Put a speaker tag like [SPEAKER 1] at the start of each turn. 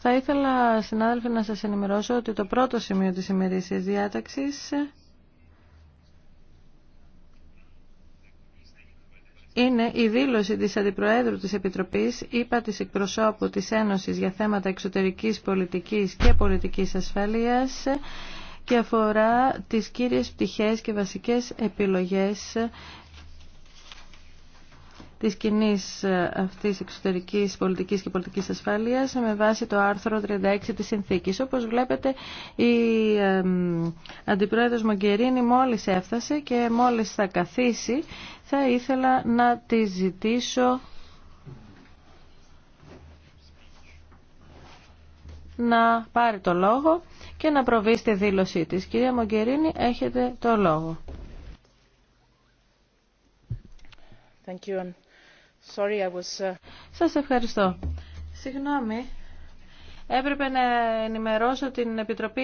[SPEAKER 1] Θα ήθελα, συνάδελφοι, να σας ενημερώσω ότι το πρώτο σημείο της ημερήσιας διάταξης είναι η δήλωση της Αντιπροέδρου της Επιτροπής, είπα της εκπροσώπου της Ένωσης για θέματα εξωτερικής πολιτικής και πολιτικής ασφαλείας, και αφορά τις κύριες πτυχές και βασικές επιλογές της κοινή αυτής εξωτερικής πολιτικής και πολιτικής ασφάλειας με βάση το άρθρο 36 της συνθήκης. Όπως βλέπετε η Αντιπρόεδρος Μογκερίνη μόλις έφτασε και μόλις θα καθίσει θα ήθελα να τη ζητήσω να πάρει το λόγο και να προβεί στη δήλωσή της. Κυρία Μογκερίνη, έχετε το λόγο. Thank you. sorry I was... Uh, Σας ευχαριστώ. Συγγνώμη, έπρεπε να ενημερώσω την Επιτροπή